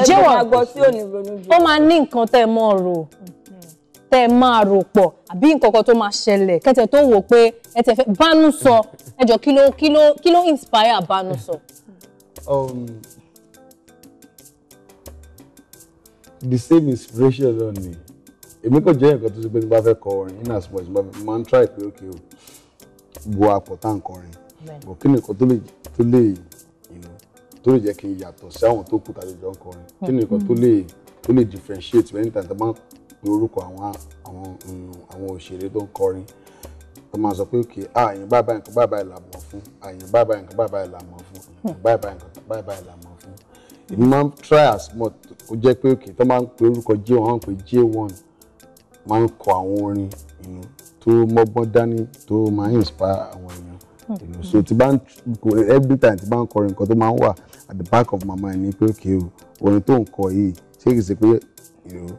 jẹ́wọ́ ó máa ní nǹkan tẹ́ ẹ mọ́ rò tẹ́ ẹ máa rò pọ̀ àbí nǹkan kan tó máa ṣẹlẹ̀ kẹ́tẹ̀ tó wò pé ẹ tẹ̀ fẹ́ bánú sọ ẹ jọ kí ló kí ló kí ló inspire bánú sọ. Um, the same inspiration ló ní èmi kò jẹ́ nǹkan tó ṣe pé tí fẹ́ kọ orin in as much as man try pé okay o bu apọ̀ tá à ń kọrin kí ni nǹkan tó lè tó lè tó lè jẹ́ kí n yàtọ̀ sí àwọn tó kù tàbí jọ ń kọrin kí ni nǹkan tó lè tó lè differentiate many times tó máa ń pe orúkọ àwọn àwọn mm, àwọn òṣèré tó ń kọrin tó máa sọ pé òkè àyìn bá báyìí nǹkan bá báyìí là mọ̀ fún ah, àyìn bá báyìí nǹkan bá báyìí là mọ̀ fún hmm. báyìí báyìí nǹkan báyìí báyìí là mọ̀ fún. èmi máa ń try as much ó jẹ́ pé òkè tó máa ń pe orúkọ j one, wọ́n pe j one, máa ń kọ àwọn orin ìlú tó mọ́gbọ́n dání tó máa ń inspire àwọn èèyàn ìlú so ti bá ń every time ti bá ń kọrin nǹkan tó máa ń wà at the back of my mind ni pé òkè o orin tó ń kọ yìí ṣé kìí ṣe pé èèyàn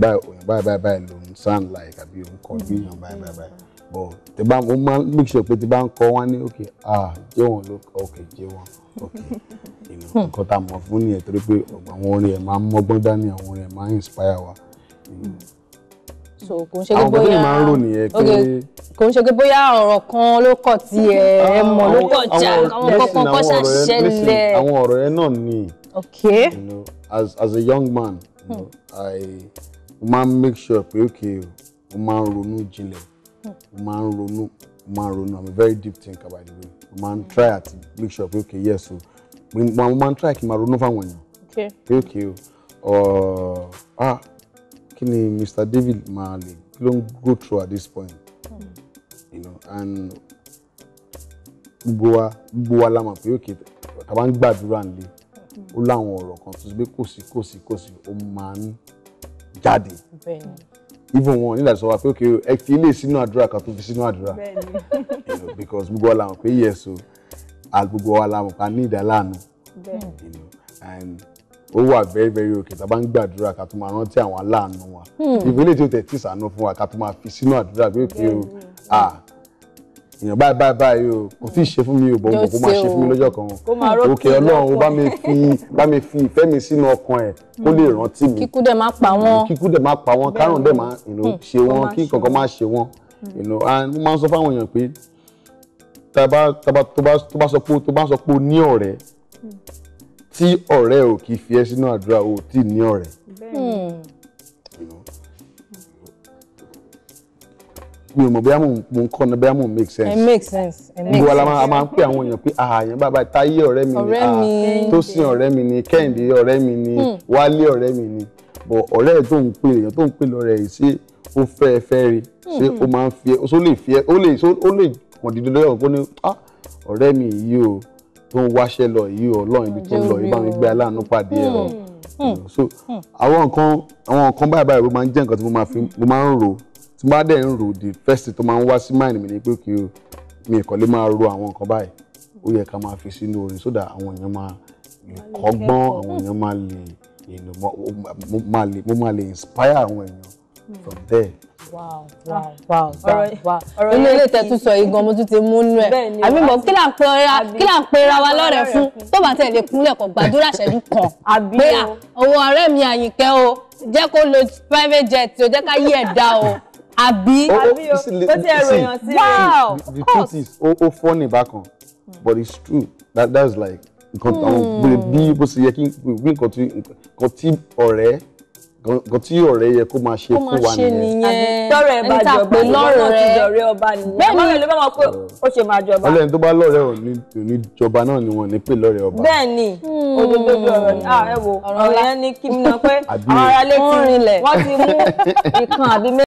báyìí báyìí báyìí ló ń sound like àbí òun kọ bí èèyàn báyìí báyìí báyìí but tí bá mo máa make sure pé tí bá ń kọ wọn ní òkè ah jẹ́ wọn ló okay, jẹ́ wọn òkè nǹkan tá a mọ̀ fún nìyẹn torí pé àwọn orin ẹ̀ máa ń mọ́gbọ́n dání àwọn orin ẹ̀ máa ń inspire wa so kò ń ṣe pé bóyá àwọn ọ̀gbẹ́ni máa ń rò nìyẹn pé kò ń ṣe pé bóyá ọ̀rọ̀ kan ló kọ̀ tí ẹ ah, mọ̀ ló kọ̀ já àwọn kọ̀ọ̀kan kọ́ ṣàṣẹlẹ̀. àwọn ọ̀rọ̀ ẹ náà ni okay you know, as as a young man you máa ń make sure pé okay o máa ń ronú jinlẹ̀ o máa ń ronú o máa ń ronú I'm a very deep thinker by the way o máa ń try àti make sure pé okay yes o mo máa ń try kí n máa ronú fáwọn èèyàn okay okay o ah kí ni Mr. David máa lè kí ló ń go through at this point mm. you know and gbogbo wa gbogbo wa la mọ̀ pé òkè tàbá ń gbàdúrà nílé ó láwọn ọ̀rọ̀ kan tó ti gbé kòsí kòsí kòsí ó máa ń jáde even wọn nígbà tí sọ wa pé òkè ẹ fi ilé sínú àdúrà kan tó fi sínú àdúrà because gbogbo wa la mọ̀ pé yẹ so gbogbo wa la mọ̀ pé a ní ìdáláàánú and ó wà very very okay tá a bá ń gbàdúrà ká tó máa rántí àwọn aláàánú wa ìwélé hmm. tí ó tẹ̀ tí sànú fún wa ká tó máa fi sínú àdúrà bí pé o ah èèyàn báyìí báyìí báyìí o kò tí ì ṣe fún mi o bọ̀wọ̀ kó máa ṣe fún mi lọ́jọ́ kan òkè ọlọ́run ó bá mi fi bá mi fi ìfẹ́ mi sínú ọkàn ẹ̀ kó lè rántí mi kíkú dẹ̀ má pa wọ́n kíkú dẹ̀ má pa wọ́n kárùn dẹ̀ má hmm. ṣe wọ́n kí kankan má ṣe wọ́n hmm. mo máa ń sọ fáwọn èèyàn pé tó bá sọ pé o ní ọ̀rẹ́ tí ọ̀rẹ́ ò kì í fi ẹ́ sínú àdúrà o tí ní ọ̀rẹ́. Hmm. mi ò mọ̀ bóyá mo ń kọ́ ni bóyá mo ń make sense. it makes sense. gbogbo ala máa ń pè àwọn èèyàn pé àyàn ah, bàbá táyé ọ̀rẹ́ mi ni ah, tósìn ọ̀rẹ́ mi ni kẹ́hìndé ọ̀rẹ́ mi ni hmm. wálé ọ̀rẹ́ mi ni bọ̀ ọ̀rẹ́ tó ń pè èèyàn tó ń pè lọ́rẹ́ yìí ṣé ó fẹ́ ẹ fẹ́ rí ṣé hmm. ó máa ń fi ẹ ó lè fi ẹ ó lè kàn dídí lọ́yọ̀ kó ní ah, ọ̀rẹ́ mi yìí o tó ń wáṣẹ́ lọ yìí ọlọ́run ibi tó ń lọ yìí bá mi gbé aláàánú pàdé ẹ̀ hmm. hmm. so àwọn nǹkan àwọn nǹkan báyìí báyìí ló máa ń jẹ́ nǹkan tí mo máa fi mo máa ń rò tí mo bá dẹ̀ ń rò the first thing tó máa ń wá sí mind mi ni pé kí mi kàn lè máa ro àwọn nǹkan báyìí ó yẹ ká máa fi sínú orin so that àwọn èèyàn máa lè kọ́gbọ́n àwọn èèyàn máa lè mo máa lè inspire àwọn èèyàn mm. from there. wow wow wow wow inú ilé ìtẹ̀tù sọ igan mo tún ti mú nú ẹ̀ àbí mo kí là ń pe ra kí là ń pe ra wa lọ́rẹ̀ fún tó bá tẹ̀lé kúnlẹ̀ kan gbàdúrà ṣẹ́jú kan pé àwọn ọ̀rẹ́ mi àyìnkẹ́ o jẹ́ kó lo private jet o jẹ́ ká yí ẹ̀ dá o àbí o ti ẹ̀rọ èèyàn sí wow of course. o fọ́nì bákan but it's true that that's like nǹkan àwọn bí bó ṣe yẹ kí nǹkan tí ọ̀rẹ́ nǹkan tí ọ̀rẹ́ yẹ kó máa ṣe fún wa nìyẹn. tọrọ ẹ bá jọba lọ́rọ̀ ti dọ̀rẹ́ ọba nìyẹn bẹ́ẹ̀ ni ló bá wọn pé ó ṣe máa jọba. ọlẹ́ni tó bá lọ́rẹ́ ò ní jọba náà ni wọ́n ní pè lọ́rẹ́ ọba. bẹ́ẹ̀ ni hmm. òdodo bí ọ̀rọ̀ ni ah, ẹ wo ọ̀rọ̀ yẹn ni kí n mọ̀ pé àwọn ará létí rinlẹ̀ wọ́n ti mú ìkan àbí méjì.